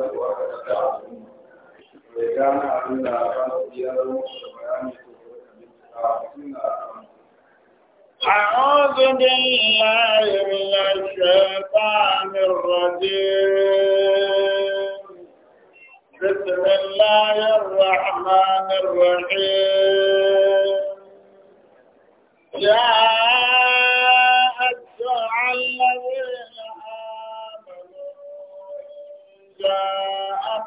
sanarwa ga kasa أعوذ بالله من الشيطان الرجيم بسم الله الرحمن الرحيم يا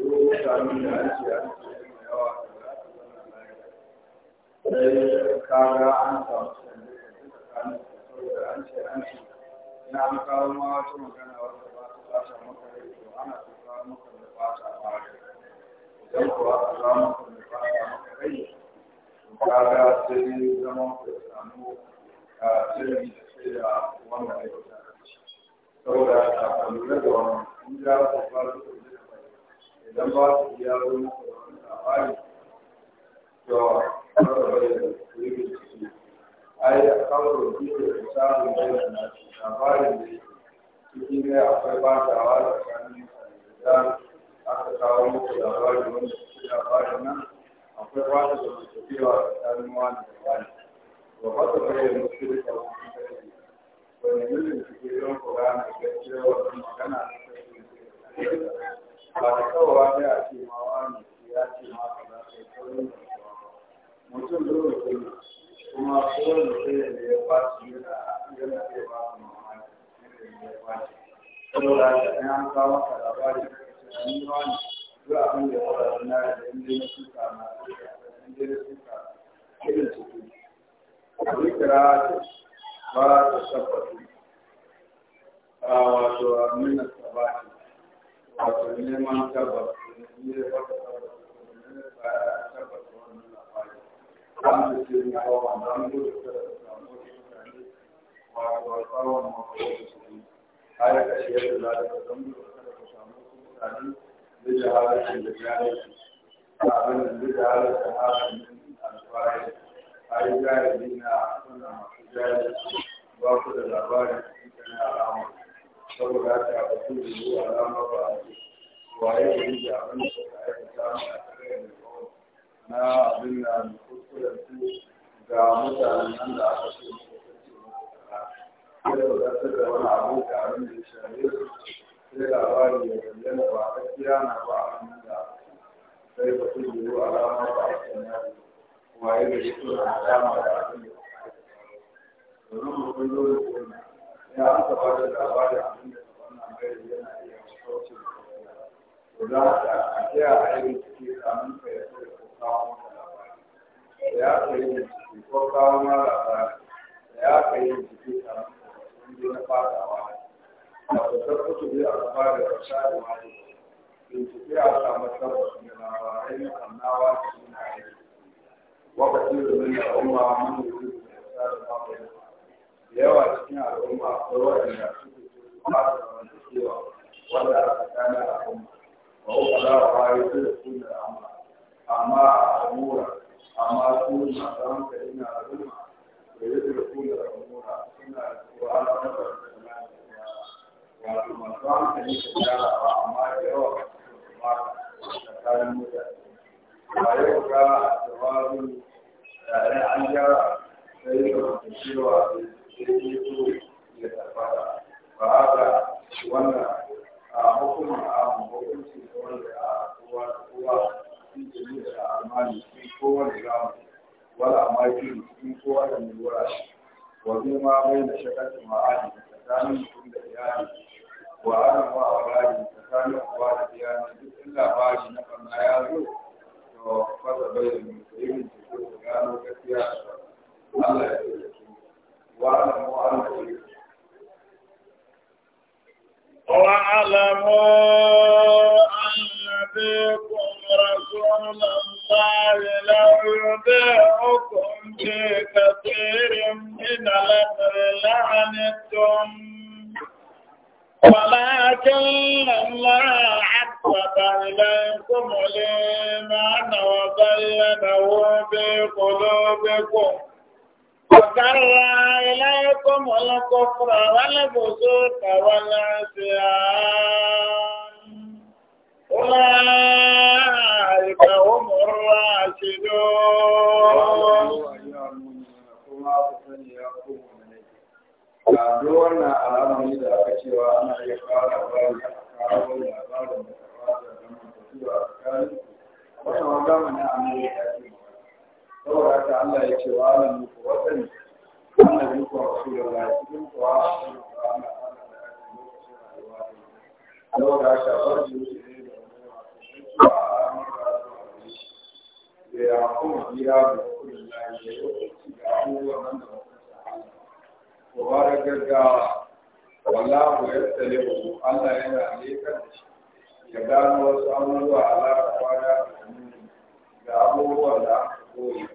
mutanen da an ce an yawa da za su zama lafiya sai an samu canje canje tsakanin saboda an ce ina ma magana ta maka rai ta maka rai idan kuwa a kawo maka da maka rai sai zama ku samu a sirri da sai ya saboda a da idan ba su biya wani labari to kawai da su yi bincike ai a kawai da ke samun bayan labarin da cikin ne akwai ba ta da da ta da magana da ta ba ta kawowa ne a ce ma wani ya ce ma kuma mutum dole ke kuma kowane mutum ne ya kwaci yana yana ba su ya kwaci da an ka labari da ka ce an yi wani abin da ya fara suna da da suka na suka irin ciki a ba ta tabbatu a wato a nuna sabati wato neman tabbas ne ba ta ba tabbas wannan labari da ce ya hawa da samu mutane wato tsawon mafi su ne har mutane da da da da suna masu jahalarci ba ku da labarin cikin al'amari saboda haka ba su da yi alama ba a waye da yi da da na abin da ga nan da wani abu da abin da ya shaye su labari ya bayyana ba na ba a hannun sai ba alama ba a ce na ya an taba da ba da abin da wannan bai yana iya kauce da za ta a kiya a yi ciki kamun ka ya ce ko kawo maka labari ya ka yi ciki ko kawo ma labari ya ka yi ciki kamun ka wanda na fadawa da ku tabbata bi a gaba da rasha da mafi bincike a samu tabbata da labarai na kannawa da suna aiki wakati da a umma mun yi da ya sa da mafi yawa cikin al'umma akwai waɗanda suke kuma da zamantakewa wanda aka kana al'umma ba ku kala wa bayi su da sunan amma amma a al'umma amma su masu hankali na al'umma da yi da sunan al'umma suna da kuwa al'amura da sunan wato masu hankali da gyarawa amma da yawa kuma tsakanin mutane ba yau ga jawabin da an gyara sai da mutum cewa ya zo ya tabbata ba haka wannan a hukumar a hukunci a kowa da da kowa da wala sun da ma da iyali wa ana tsakanin uwa da iyali duk labari na kanna ya zo to yin Allah ya واعلموا أن فيكم رسول الله لو يبيعكم في كثير من الأمر لعنتم ولكن الله حبب إليكم الإيمان وزينه في قلوبكم وكرى إليكم الكفر والفسوق والعصيان أولئك هم الراشدون Kaduwar na alamari da aka cewa ana iya fara fara a kawo labarin da ta fata da mutu a tsakanin wata mana Amerika ce saboda haka Allah ya ce wa alam muku wasani ana bin ku rasulullahi cikin ku wa alam muku ana ana da aka lokacin rayuwa ne saboda haka farji ne da wani wasu a amurka da ya da rasulullahi ya yi hukunci ga abubuwan nan da ku ba da gaggawa wallahu ya tsale ku Allah yana lekar da shi ya gano wasu abubuwa alaƙa kwana da abubuwan da aka koyi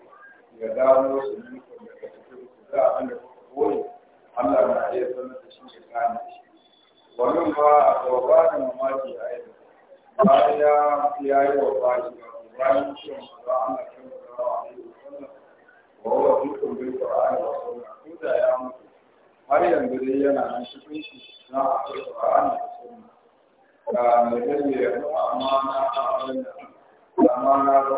ya gano su ne ku daga cikin ku ga abin da kuka koyi Allah na iya sanar da shi ya gane shi wannan ba a gaba da mamaki a yau bayan ya yi wa bashi ba bayan cewa ba Allah ya mura wa alaihi Ba wa huwa dukkan bil a wa sunna ko da ya mutu har yanzu dai yana nan cikin shi na a alqur'ani da sunna da mai dalili amma na a amana da amana da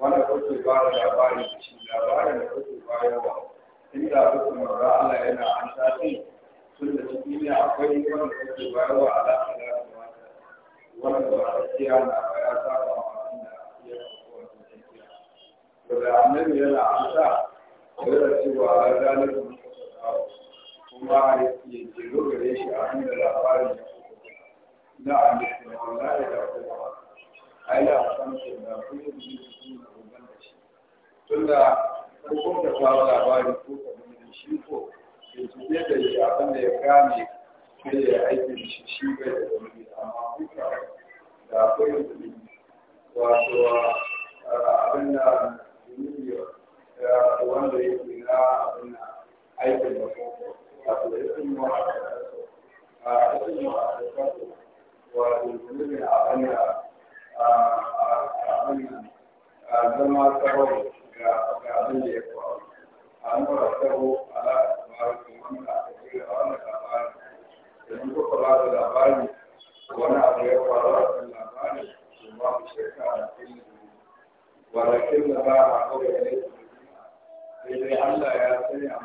wanda kuke ba da labari da shi labarin da kuke bayarwa inda kuke mara Allah yana an tafi tun da ciki ne akwai wanda kuke bayarwa a lafiya da mata wanda ba a kiya na ba ya saba da ya kuwa da tafiya. to da annabi yana an sa da cewa a zalimin kuma ya jiro gare shi a da labarin da kuka na annabi wallahi da kuma ai da san da kuma tunda ko kun ka kawo labari shi ko da shi abin da ya gane kai ya aiki da shi shi bai da da akwai da wanda da da a a zama tsawon ga an ala aka labarin labarin wani ya faru cikin sai dai Allah ya sanya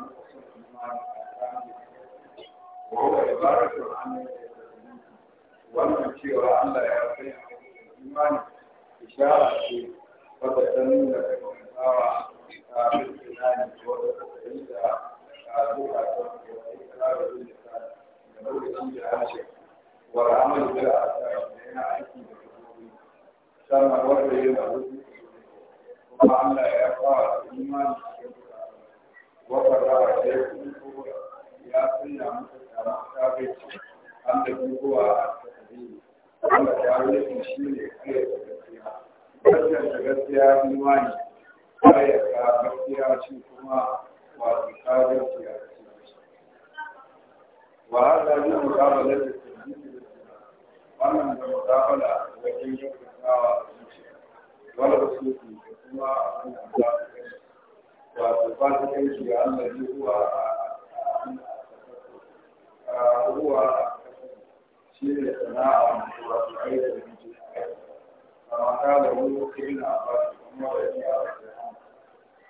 wannan cewa Allah ya sanya muku imani ishara ce wadda ta nuna bawa a a da da da sannan wanda ya wata ya sanya kafin an da kuma a tasiri wanda ta yi shi ne da gaskiya ayar gaskiya kuma wato kafin ki a cikin wa hada da wannan da a zuciya wala da kuma abin da za su kashe wato sana'a da ke kama ta da wani kai na ba su kuma da ya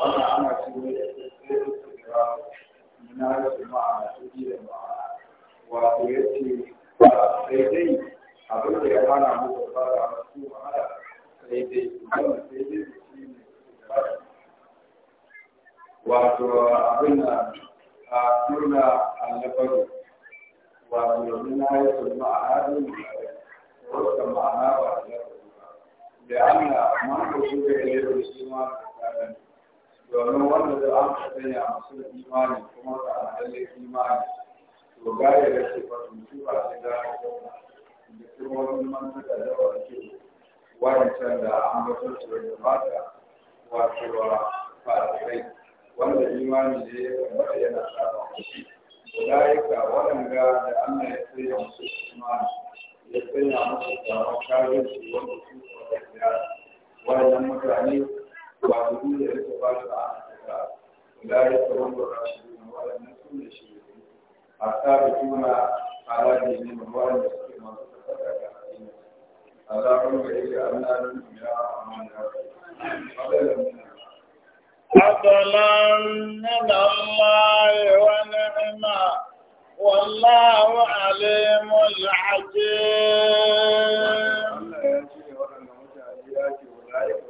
wannan ana cikin na rashin ma'ana da ma'ana wato ya ce sai dai abin da ya hana muku fara masu wahala. sai dai wannan sai dai da shi ne wato abin da a nuna allabaru wato yanzu na rashin ma'ana da wata ma'ana ba da ya da Allah ma ka shi da ya yi ma'ana da domin wanda da an ka sanya masu imani kuma da alhalin imani to gaya da ke su ba ta gaya da kuma wani manta da yawa ke wancan da an batar su da bata wato wa fasirai wanda imani ne ya kamata yana saba shi ulaika waɗanda da na ya sanya musu imani ya sanya musu tsaron kafirci wanda su kuma da waɗannan mutane wato duk da yake ba su a daga ulai tsawon da rashi ne waɗannan su da shi a tsara juna alaji ne da waɗanda suke masu tafiya da hadini azabun da yake Allah ne ya amana من الله ونعمة والله عليم حكيم.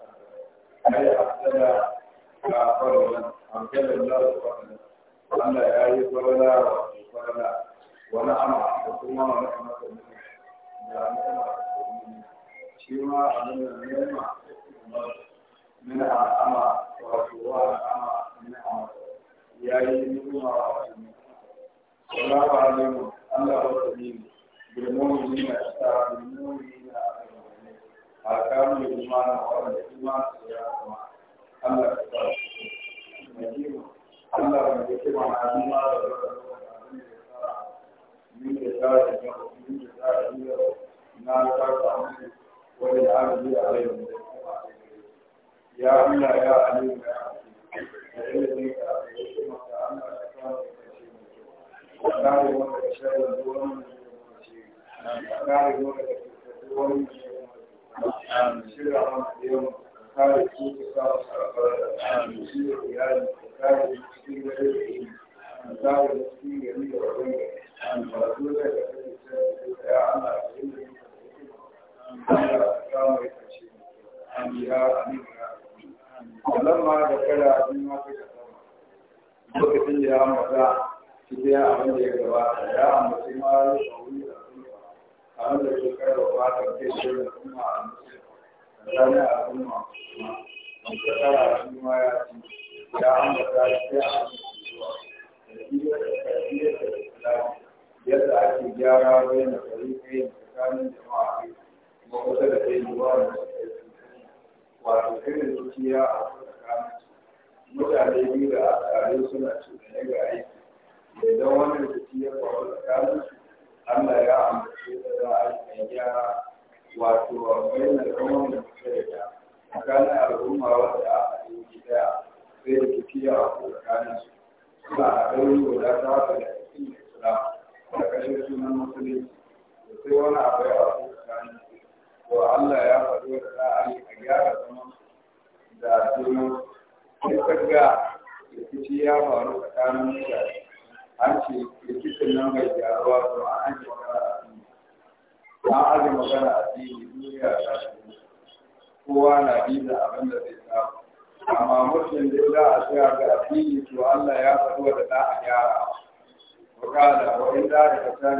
ai asala ka farwala an kalla Allah subhanahu Allah ya yi farwala wa farwala wani ama da kuma wani ama da mutum da mutum shi ma abin da nema min ama wato wa ama min ama ya yi nema wa Allah ba alimu Allah ba tabimu بالمؤمنين أشتاق بالمؤمنين أحسن الإيمان وعلى الإيمان Allah ka ba Allah ka yi kima na nuna da min da ta da da da a rai kare su ka da iyali ka da da da ya ana cikin da yi ka kashe amin da da da a wanda ke karfafa ta sami abin ma da tara shi ya ya yadda ake gyara bayan da kari kai tsakanin jama'a kuma kusa da kai mutane biyu da tare suna cuɗanye ga aiki idan wannan zuciya ya tsakanin Allah ya ambace da za a gyara wato bayanar zaman da suka yi da tsakanin al'umma wanda a yi daya sai da tafiya a tsakanin su suna a ɗauri wadata da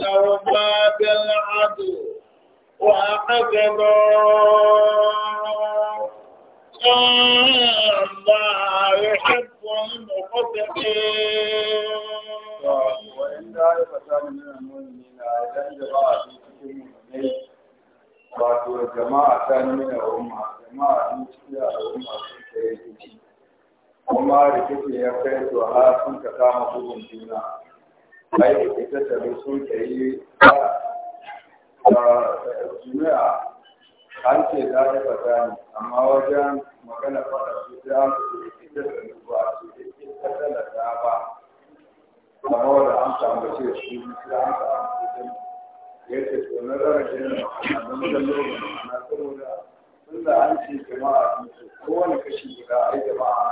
وتوفى بالعدل وأقدروا الله يحب المقتدين وإن طائفتان من المؤمنين إذا جماعة في wato jama'a ta nuna umma jama'a sun ci da umma sun kai rikici kuma rikici ya kai su har sun ka kama bugun juna ai da ke tattare sun ke yi a jimi'a an ce za ta fata ne amma wajen magana fada su ta an su ke tattare ba a su ke tattare da ba amma wanda an samu ce su ta an samu kudin ya ce to na zarafin na mutan lokacin na saboda tun da an ce jama'a su kowane kashi guda ai jama'a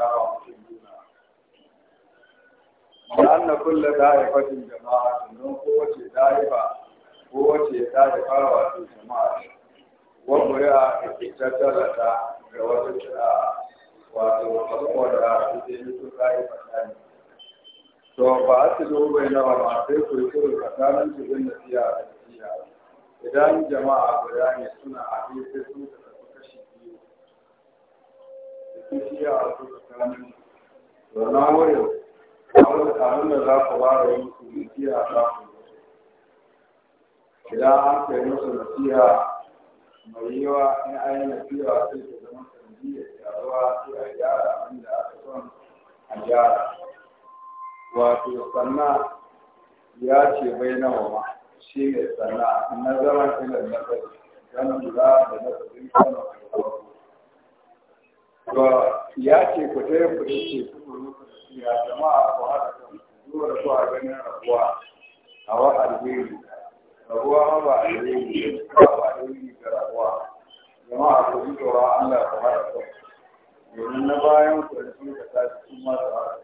لأن كل دائفة جماعة jama'a don kowace da'ifa kowace da'ifa wato jama'a wa buri'a tattalata ga wata wato to ba a ci dubai na ba sai ku yi kuru tsakanin su nasiya idan jama'a guda ne suna a sai sun ka kashi biyu da a su tsakanin su. na abin da za ku ba da musu nasiha za ku idan an kai musu nasiha mai yiwa in an yi nasiha sai ta zama sanadiyar gyaruwa sai a gyara inda aka son a gyara wato sanna ya ce bai na wa shi ne sanna na zaman ilan na kai ganin da da nasarin sama a farko to ya ce ku ta ku ce ku ya jama'a ku haɗa kan zuwa da zuwa ganin rabuwa a wa alheri rabuwa ma ba alheri ne ba ba alheri ga rabuwa jama'a ku ji tsoron Allah ku haɗa kan domin na bayan ku da sun ka tashi sun ma su haɗa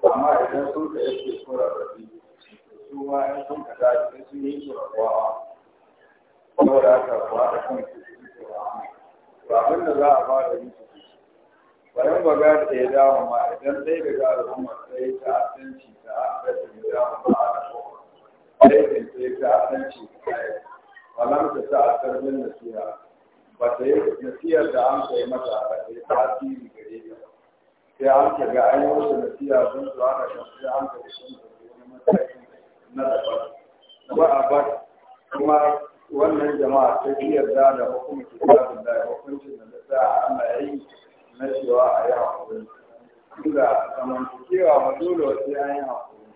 kan amma idan sun ka yake kura rabi su ma in sun ka tashi sun yi su rabuwa saboda haka ku haɗa kan ku ji tsoron Allah ba abin da za a fara yi bayan ba ga da ya dawo ma idan ɗaya ga al'umma sai ta asanci ta asanci ta dawo ma a aikin sai ta asanci ta yi walam ta ta a karbin nasiha ba ta yi nasiyar da an kai mata ba ta yi tasiri gare ta sai an ta ga an yi wasu nasiha sun su ana kan sai an ta da na su wani mataki na daban ba a ba kuma wannan jama'a ta yarda da hukumar kitabun da hukuncin da ta sa ana yi na cewa a yi haƙuri inda zamantakewa ba dole wasu ya yi haƙuri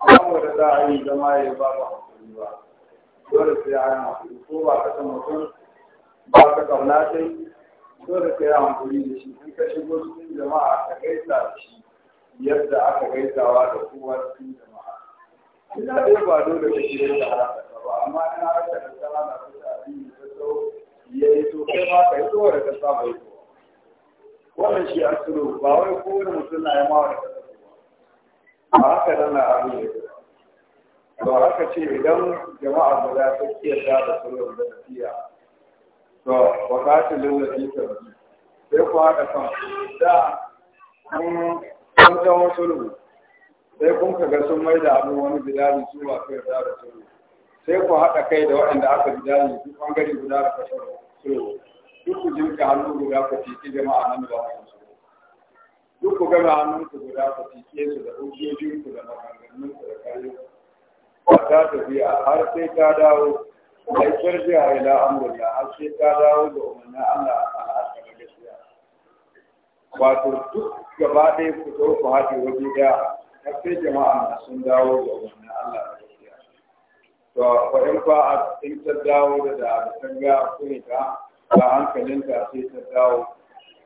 amma za a yi zama ya ba ba haƙuri ba dole sai ya yi haƙuri ko ba ka san mutum ba ka kauna sai dole sai ya haƙuri da shi in ka shigo cikin jama'a ka gaisa da shi yadda aka gaisawa da kowa cikin jama'a ina dai ba dole ka shirya da haka ba amma ina haka da sana na fita abin da ta so ya yi to kai ma ka yi to da ka saba yi to wannan shi a tsoro ba wai kowane mutum na yama wani ba haka nan na abu ya ba haka ce idan jama'a guda ta kiyarta da suru da tafiya to ba lullabi ta sai ku haɗa kan da an an tawo tsoro sai kun ka ga sun mai da abu wani bidali su ba su yarda da tsoro. sai ku haɗa kai da waɗanda aka bidali su ɓangare guda da kashe tsoro duk ku ka hannu guda ka tike jama'a nan da ku su duk ku gama hannun ku guda ka tike su da hujjojin ku da maganganun ku da kare ba ta tafiya har sai ta dawo ai a ila amrilla har sai ta dawo da umarnin Allah a al'akar gaskiya wato duk gaba ɗaya ku zo ku haɗe waje ɗaya har sai jama'a na sun dawo da umarnin Allah da gaskiya to fa in fa a ta dawo da da tanga ku ne ta ba hankalinka sai ta dawo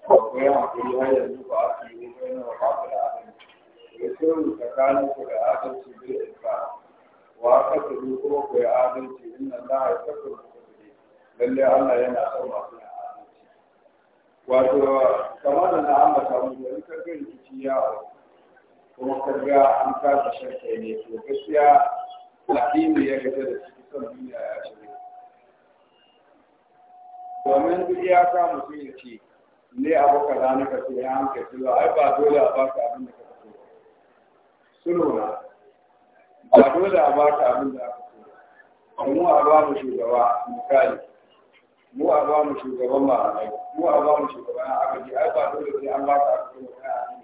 ba ku yi hankali har yanzu ba a fi yi bai na ba ku da adalci ya sirri tsakanin ku da adalci bai isa wa ka tudu kuma ku yi adalci inna Allah ya saka ku kuɗi lalle Allah yana son masu yin adalci wato kamar da na ambata mu da ka ga rikici yawo kuma ka ga an kasa shakka ne to gaskiya addini ya gata da cikin son duniya ya shiga domin duk ya ka mutum ya ce ne abu ka zane ka ce ya hanke su ai ba dole a ka abin da ka so sulhu na ba dole a ka abin da aka so mu a ba mu shugaba misali mu a ba mu shugaban malamai mu a ba mu shugaban agaji ai ba dole sai an baka abin da ka so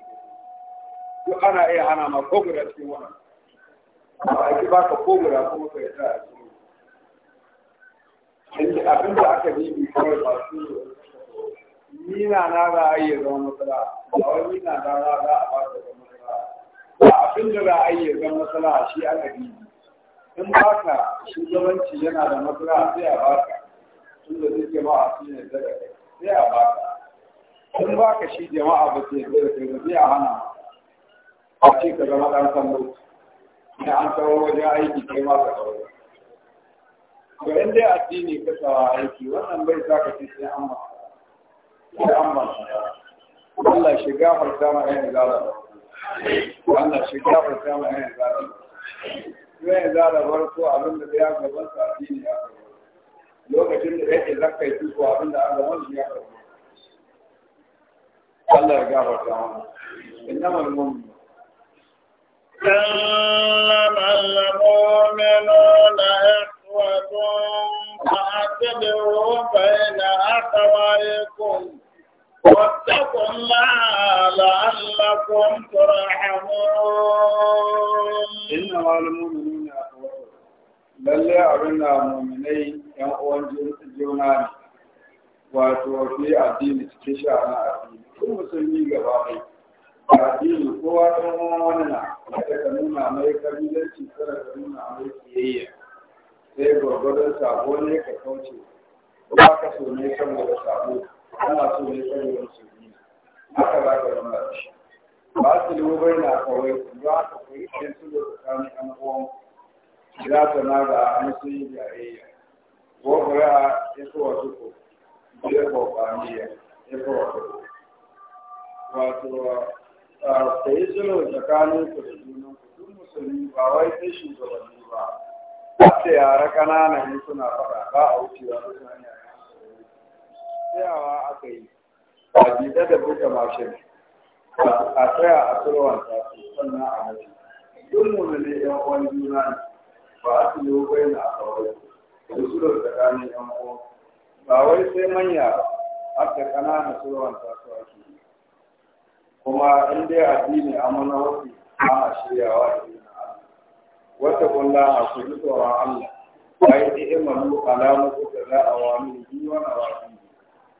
Su ana iya hana ma ko guda cikin wannan ba a ki baka ko guda ko ka yi ta inda abin da aka bi kawai ba su Ni na na za a iya zama matsala ba wai nina na za a ba ta zama matsala ba abin da za a iya zama matsala shi aka bibi in ba ka shugabanci yana da matsala sai a ba ka tunda zai jama'a su ne da kai sai a ba ka in ba ka shi jama'a ba sai da kai ba sai a hana a ce ka zama ɗan kallo da an kawo wajen aiki kai ma ka kawo to in dai addini ka tsawa aiki wannan bai sa ka ce sai an ba sai an ba Allah shi gafarta ma yayin zalala Allah shi gafarta ma yayin zalala yayin zalala warko abin da ya gaban sa addini ya lokacin da yake zakkai tuko abin da Allah wani ya karbo Allah ya gafarta mana innamal mu'min إنما المؤمنون إخوة نحوة فأتبعوا بين أخويكم واتقوا الله لعلكم ترحمون إنما المؤمنون lalle abin da mominai yan uwan juna ne wato fi addini cikin sha'anin addini kuma musulmi gaba ɗaya addini kowa ɗan wani na da ka nuna mai kabilanci kada ka nuna mai kiyayya sai gwargwadon sabo ne ka kauce ba ka so ne da sabo ana so ne saboda musulmi haka ba ka zama shi ba su lubar na kawai za ka kai ɗan su da tsakanin ɗan uwan za ta na da an sun yi jayayya gwagwara ya fi wasu ko ya fi kwaniya ya fi wasu ko wato ka yi sulhu tsakanin ku da junan ku duk musulmi ba wai sai shugabanni ba da yara ƙanana ne suna faɗa ba a wucewa da suna yara tsayawa aka yi a jita da buka mashin a tsaya a turwan tafi sannan a mace duk mu ne yan uwan juna ne ba a su yi bai na a na da su da tsakanin yan uwan ba wai sai manya ba har da tafi ake kuma addini wasu a shiryawa wata kulla a kuli tsoron Allah ai ni imanu alamu da za a wani yi wani wani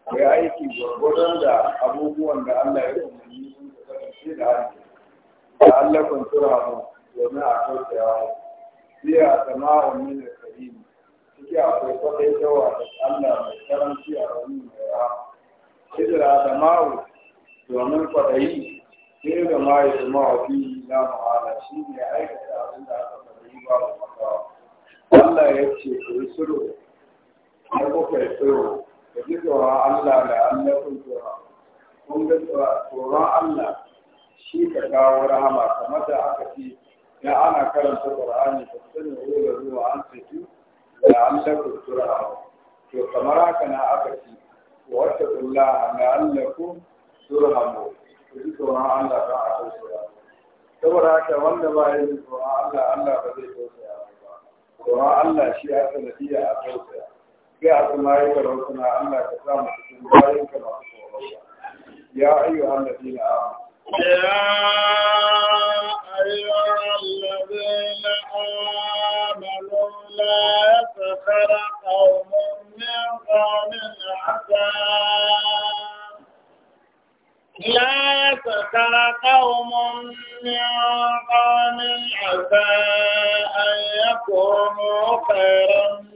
kai aiki gwargwadon da abubuwan da Allah ya umarni sun ka kasance da aiki da Allah kun domin a kaucewa biya sama'un min al-karim ciki akwai kwatai yawa da Allah mai karanci a wani mai ra hijira da ma'u domin na shi ne aikata abin da Allah ya ce ku yi sulhu har kuka yi sulhu da ji tsoron Allah da Allah kun tsoron kun ga tsoron Allah shi ka kawo rahama kamar da aka ce da ana karanta Qur'ani ka sani wala ruwa an tafi da an ta kultura to kamar haka na aka ce wata kullaha na Allah ku turhamu ku ji tsoron Allah ba a tsoron saboda haka wanda ba ya jin tsoron Allah Allah ba zai tausaya ba tsoron Allah shi ya sanadiyya a tausaya sai a kuma yi karo suna Allah ka sa mu cikin bayan ka masu tsoron ya ayyuhan ladina amanu ya ayyuhan ladina Galera.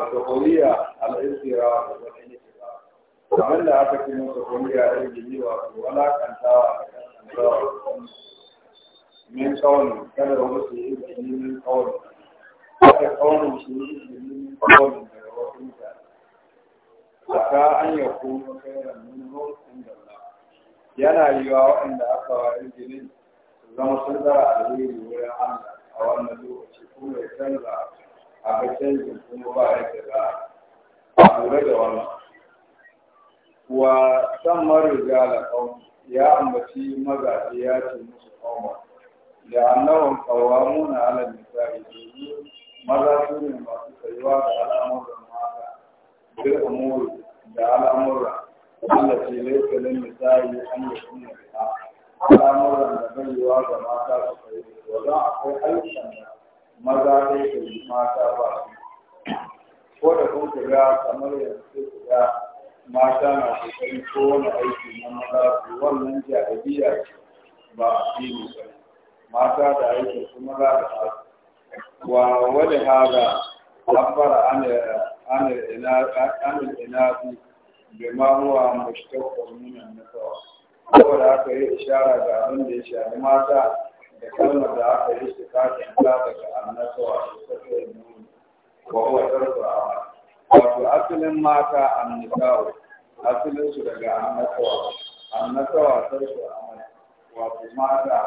والسخرية الاستيراء والانتفاع ومن لا تكن السخرية الجنية ولا كنتا من قول كان الرسول الجني من قول وكقول الرسول من قول Saka an yi kuma kairan nuna inda yana yiwa waɗanda aka wa injinin zama sun zara alheri wurin Allah a wannan canza a ga canjin kuma ba yadda za a lura da wannan wa san mariga da kauma ya ambaci mazaje ya ce musu kauma da annawan kawamuna ala misali yi maza su ne masu tsayuwa da al'amuran mata bil umuri da al'amuran. Allah ce laifin lin misali an yi kuma da al'amuran da bai yiwa ga mata su kai wajen akwai aikin da maza ne da mata ba ko da kun ga kamar yanzu ku ga mata na ko kowane aiki na maza su wannan jahiliya ce ba a fili ba mata da aiki su maza da ba wa wani haga abbara an inazi bi ma huwa mushtaqqa min an Ko da haka yi ishara ga abin da ya shafi mata da kalmar da aka yi su kafin ta daga annasa su safirin nuni wa huwa tarku wato asalin mata annisawo asalin su daga annasawa annasawa tarku amal wato mata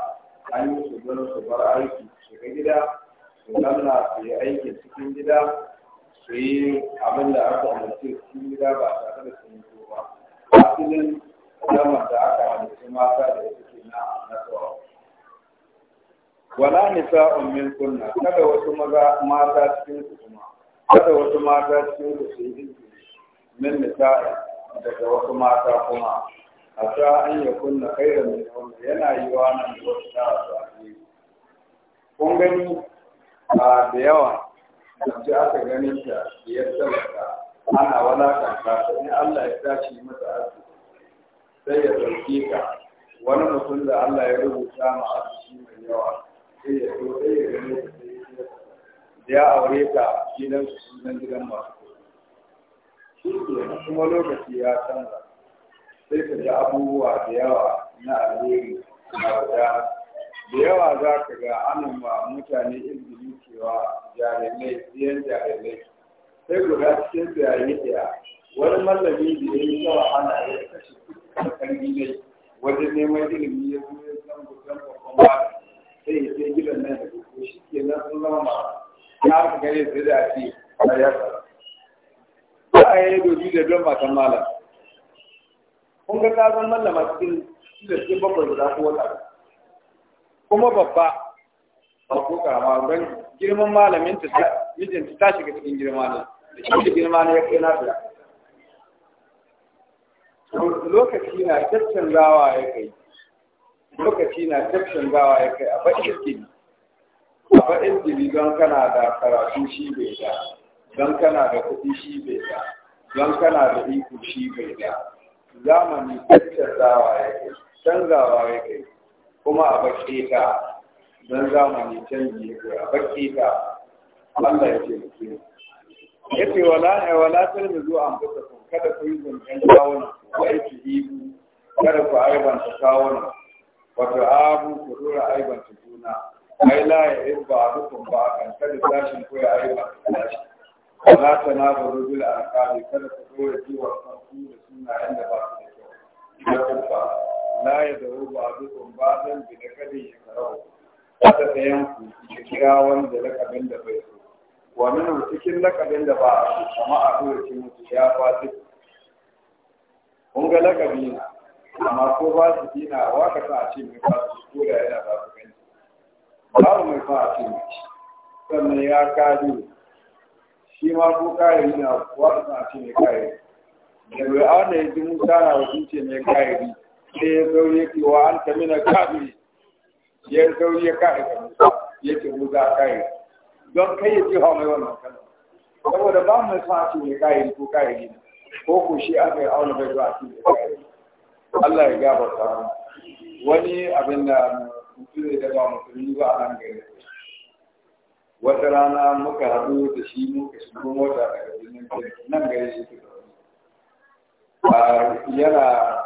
an yi su don su bar aiki shiga gida su zanna su yi aiki cikin gida su yi abin da aka umarci cikin gida ba tare da sun ba asalin kalmar da aka halittu mata da ya suke na annasawa wala nisa min kunna kada wasu maza mata cikin su kuma kada wasu mata cikin su su yi min nisa daga wasu mata kuma a sa an ya kunna kairan min wanda yana yi wa nan da wasu ta sa'ani kun gani a da yawa da aka ganin ta ya tsarka ana walakanta ta Ni Allah ya tashi mata arziki sai ya ɗauke ka wani mutum da Allah ya rubuta ma arziki mai yawa da ya aure ta gidan su sunan gidan masu shi ke kuma lokaci ya canza sai ka ji abubuwa da yawa na alheri na wada da yawa za ka ga anan ma mutane izini cewa jahilai biyan jahilai sai guda cikin jahilai ɗaya wani mallami da ya yi yawa ana ya kashe kuɗi a kan wajen neman ilimi ya zo ya san gudan babban ba sai ya sai gidan nan da ko shi ke nan sun zama ma na haka gare su da ake kariyar ba a yi doji da don matan malam kun ga ka zan mallama cikin da cikin bakwai guda ko wata kuma babba ba ko karama don girman malamin ta mijinta ta shiga cikin girma ne da shi girma ne ya kai na da lokaci na caccanzawa ya kai lokaci na tafshin gawa ya kai a baƙin gini a baƙin gini don kana da karatu shi bai da don kana da kuɗi shi bai da don kana da iko shi bai da zamani tafshin gawa ya kai canzawa ya kai kuma a baƙe ta don zamani canji ya kai a baƙe ta Allah ya ce muke ya ce wala wala zuwa an fusa kada ku yi zuntan kawunan ku aiki ibu kada ku aibanta kawunan wato abu ku dora aiban juna ai la ya a abukum ba kan kada tashin ko ya aiba tashi Na tanazu bil arqabi kada ku dora jiwa kan ku da sunna inda ba su da kyau ku ba la ya dawo ba abukum ba dan bi da kada ya karawo kada ta ku ki kira wanda lakabin da bai so Wani min cikin lakabin da ba a so kama a dora shi mutu ya fasi kun ga lakabi na amma ko ba su dina wa ka sa a ce mai ba su ko yana ba su gani babu mai fa a ce mai shi sannan ya kari shi ma ko kari yana wa ka sa a ce mai kari da bai auna ya ji musa na wasu ce mai kari sai ya zaure ya wa an ta na kari ya zaure ya kari ka musa ya ce musa kari don kai ya ce hau mai wannan kan saboda ba mai fa a ce mai kari ko ne ko ko shi aka yi auna bai zo a ce mai kari Allah ya gafarta wani abin da mutum da ba musulmi ba a nan gari wata rana muka haɗu da shi muka shigo mota daga birnin nan gari shi ke yana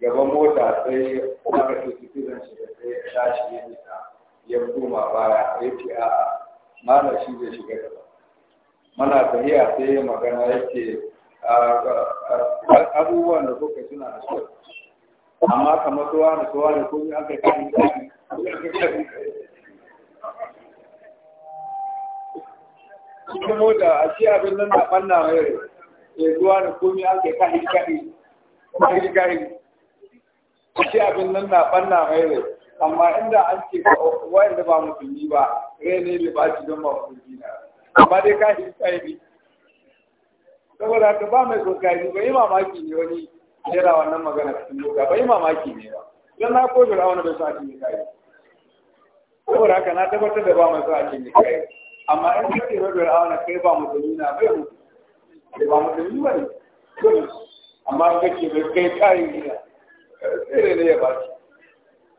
gaba mota sai ka ce fitilan shi da sai ya shi ya nita ya koma baya ya ce a mana shi zai shiga gaba mana tafiya sai magana yake abubuwan da kuka suna da shi amma kamar suwa da suwa da komi aka yi kayan kayan kuma mota a ce abin nan da fanna mai rai zuwa eh, da komi aka yi kayan kayan kayan kayan a ce abin nan da fanna mai amma inda an ce da ba musulmi ba rai ne bai ba don ba musulmi na amma dai kayan kayan saboda ka ba mai kokari ba yi mamaki ne wani jera wannan magana cikin doka bai mamaki ne ba don na ko wani bai sa cikin kai saboda haka na tabbatar da ba mai sa cikin kai amma in ka ce na kai ba musulmi na bai mutu ba musulmi ba ne amma ka ce bai kai ne gida tsere ne ya ba shi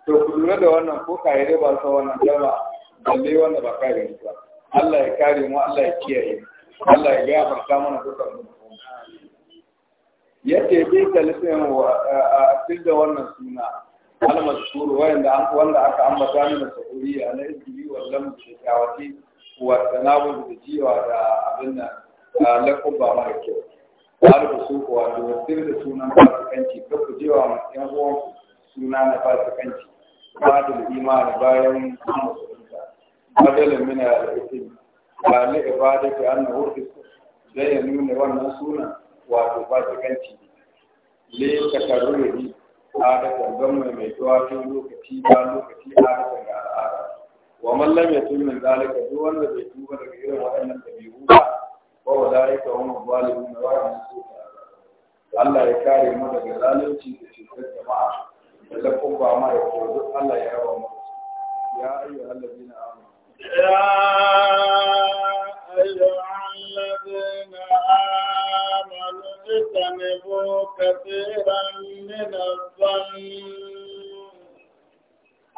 to ku lura da wannan ko kayi dai ba sa wannan jama'a balle wanda ba kare ba Allah ya kare mu Allah ya kiyaye mu Allah ya gafarta mana dukkan mu yadda ya bi talifin a da wannan suna al-mashhur wanda wanda aka ambata min sahuriya na izbi wal lam bi shawati wa tanawu da jiwa da abin nan ba mai kyau har su kuwa da sir da sunan fasikanci ka ku jiwa yan uwan suna na fasikanci ba da imani bayan musulunta badalin min al-ism ba li ibadati annahu zai nuna wannan sunan wato fasikanci ne le takarruri adatan don mai mai tuwa tun lokaci ba lokaci adatan ga al'ada wa man lam yatun min zalika duk wanda bai tuba daga irin waɗannan dabi'u ba wa walaika hum zalimun wa hum su'a Allah ya kare mu daga zalunci da cutar jama'a da lafin ba ma ya koyo Allah ya raba mu ya ayyuha allazina amanu ya ayyuha allazina amanu واجتنبوا كثيرا من الظن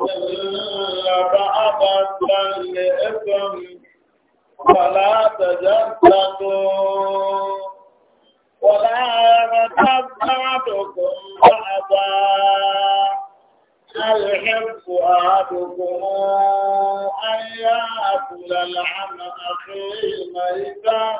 إلا بعض الظن لإثم فلا تجددوا ولا يغتب بعضكم بعضا الحب أحدكم أن يأكل لحم أخيه ميتا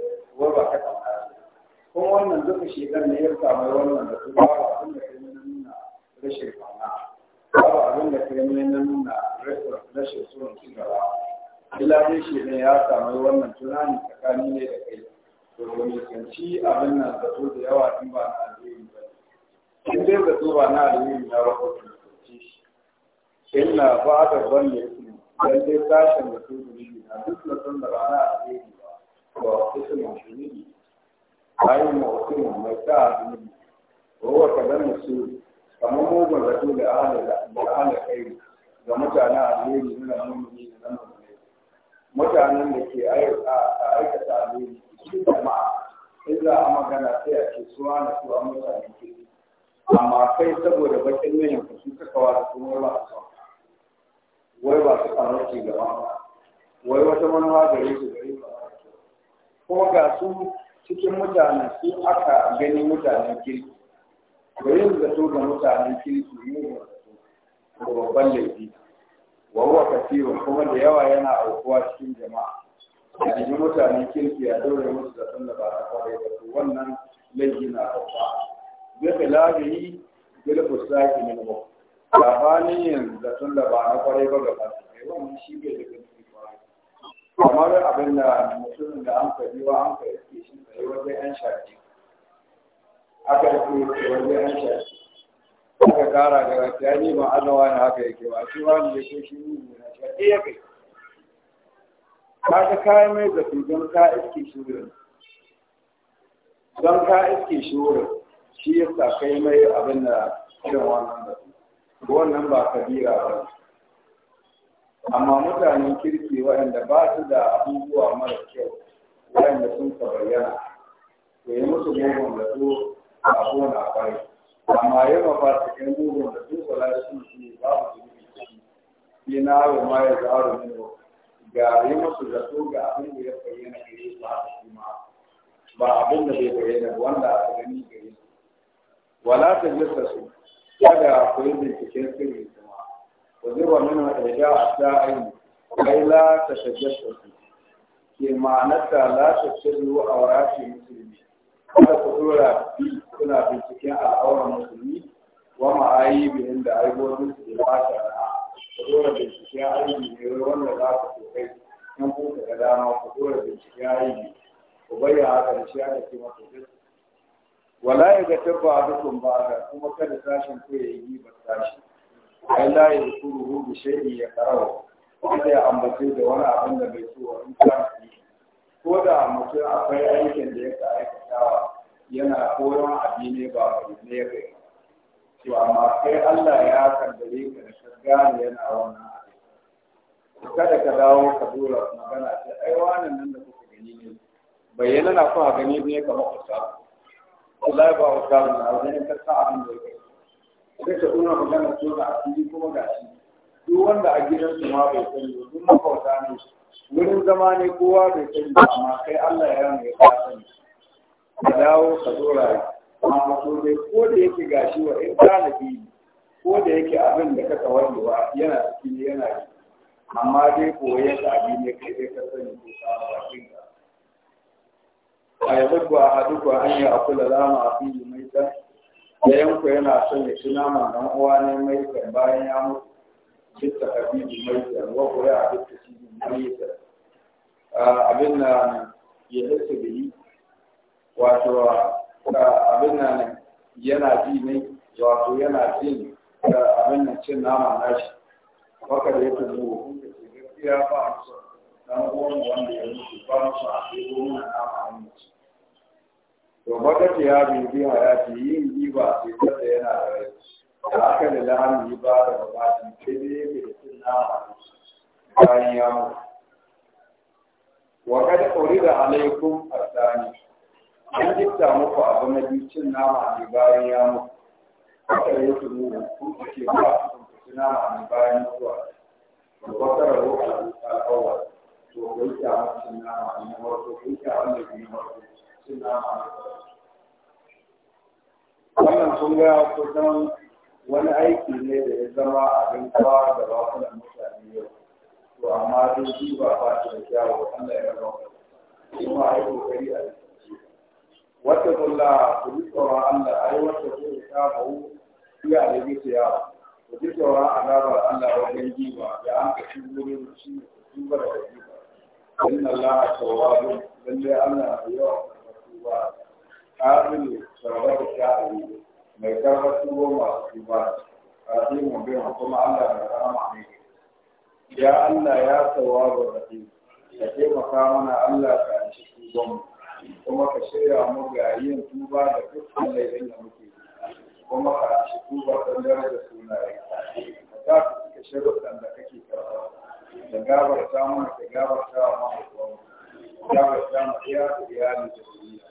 duka shekar ne ya samu wannan da kuma babu abin da kai na nuna rashin kwana ba abin da kai na nuna rashin suna ci gaba ila ne shi ne ya samu wannan tunani tsakani ne da kai to wani kanci abin nan zato da yawa in ba na alheri ba in dai to ba na alheri ya ba ko kanci shi illa ba da wani yake dan dai tashin da yi na duk da san da ba na alheri ba to su ne shi ayi mu'timu mai sa o wa kadan musu kamar mugun zato da a da kai ga mutanen alheri na na da mu'mini mutanen da ke aikata alheri su jama'a in za a magana sai a ce suwa na suwa mutane ke amma kai saboda bakin da kuma ba su wai ba su gaba wai wata manuwa gare su gare ba kuma ga su cikin mutane su aka gani mutanen kirki da yin zato ga mutanen kirki ne da babban laifi wa wa kasirun kuma da yawa yana aukuwa cikin jama'a da ji mutanen kirki a dore musu da sun da ba ta kwarai ba to wannan laifi na kafa bi khilafihi bil sa'i ne mu labanin yanzu da sun da ba na kwarai ba ga ba wannan shi bai da kamar abin da mutumin da an faɗi wa an ka iske shi tsaye wajen yan shafi aka iske wajen yan shafi aka kara da wasu ya neman allawa ne haka yake ba shi wani da ke shi ne na shafi ya kai ka ta kayan mai zafi don ka iske shi wurin don ka iske shi wurin shi ya sa kai mai abin da irin wannan zafi wannan ba kabira ba amma mutanen kirki kirki waɗanda ba su da abubuwa mara kyau waɗanda sun ka bayyana to yi musu mugun da su a abuwan kwari amma yi ma ba su kai mugun da su kula da su su ba su yi su shi na abu ma ya zaru ne ga yi musu da su ga abin da ya bayyana gare yi a su ma ba abin da bai bayyana wanda aka gani ga yi wala ta jasa su kada ku yi binciken sirri kuma ku zuba mana da ya a sa'ayi kai la ta shajjata ke ma'anarta la ta shirru a warashi musulmi kada ku dora bi kuna binciken al'auran musulmi wa ma'ayi bihin da su da ba ta ku dora binciken aiki ne wanda za ku so kai in ku ka ga dama ku dora binciken aiki ku bayyana haka da shi aka ce masa gaskiya wala ya ga tabba dukun kuma kada sashen ku ya yi ba sashi ai la ya kuru hu bi ya karawa kuma ya ambace da wani abin da bai so wani kwanaki ko da mutum akwai aikin da ya aikata, yana koyon abi ne ba abu ne ya kai to amma kai Allah ya kaddare ka da gane yana wannan abin kada ka dawo ka dora magana ta ai wannan nan da kuka gani ne bayyana na kuka gani ne kamar kusa wallahi ba kusa na wajen ka sa abin da yake kai ka dora magana to da asiri duk wanda a gidan su ma bai sani ba duk makauta ne wurin zama ne kowa bai sani ba amma kai Allah ya mai ya sani ka dawo ka zo amma so dai ko da yake gashi wa in eh, ɗalibi ko da yake abin da kaka wa yana ciki yana shi. amma dai ya sabi ne kai dai ka sani ko samu bakin ka a yi ba a duka an yi a kula lama a fili mai da yanku yana son ya ci naman dan uwa ne mai bayan ya mutu بالتقديم ميتا وقراء بالتسليم ميتا abin na ya hissa bihi wato abin na yana ji ne abin na cin nama nashi haka da ya fi zuwa ba a so wanda ya mutu ba su a sai goma na nama an mutu to baka ce ya bibi hayati yin giba sai ta yana da rai da aka da lahani ba da babati sai dai yake da cin nama bayan ya mutu wa kada urida alaikum asani an gifta muku abu na biyu cin nama ne bayan ya mutu aka yi su mu kun kace ba kun kace nama ne bayan mutuwa da bakara ruwa al'awwal to kai ta cin nama ne wato kai ta wanda ne wato cin nama ne wannan kun ga kusan wani aiki ne da ya zama abin kawa da bakunan mutane yau to amma duk duba ba shi da kyawu Allah ya raba kuma ai kokari a wata kulla ku ji tsoron Allah ai wata ku ta bawu ya da yake ya ku ji tsoron azabar Allah wajen jiwa da an ka shi wurin shi duba da jiwa inna Allah tawwabun lalle Allah ya yawa ba da ta sha'ani mai karfar tuwo masu tuba rahimu bin kuma Allah da rahama ne ya Allah ya tawaba rahim ka taimaka mana Allah ka anshi tuban kuma ka shirya mu ga yin tuba da dukkan laifin da muke kuma ka anshi tuba don daraja sunaye ka ta ka sharuɗan da kake karɓa da gabarta mana da gabarta wa mahaifan gabarta ma iya da iyali da duniya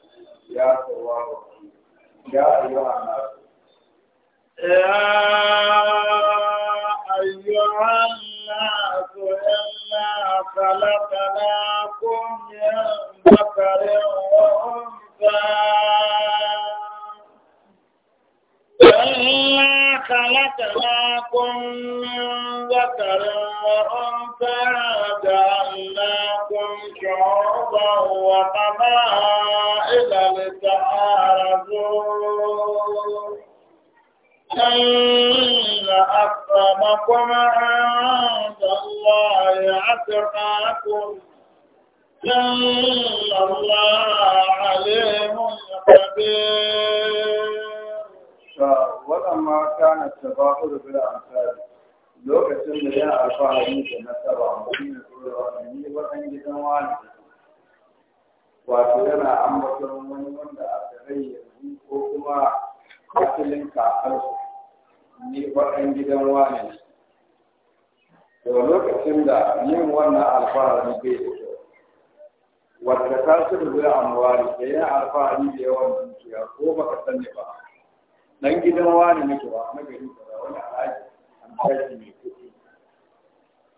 ya tawaba rahim ya ayyuhan nasu يا أيها الناس إنا خلقناكم من ذكر وأنثى إنا خلقناكم من ذكر وأنثى جعلناكم شعوبا وقبائل لتعارفوا إن أكرمكم عند الله أتقاكم إن الله عليم خبير ولما كان التفاخر بالأمثال lokacin da ya alfahari da nasara mutum ya tsoron ni wajen gidan wani wato yana ambaton wani wanda aka rai yanzu ko kuma asalin kakarsu ni faɗin gidan wani da lokacin da yin wannan alfahari bai da kyau wadda ta su da zai amuwari da yin alfahari da yawan dukiya ko ba ka sani ba ɗan gidan wani nake ba na gari da wani alaƙi an tashi mai kuɗi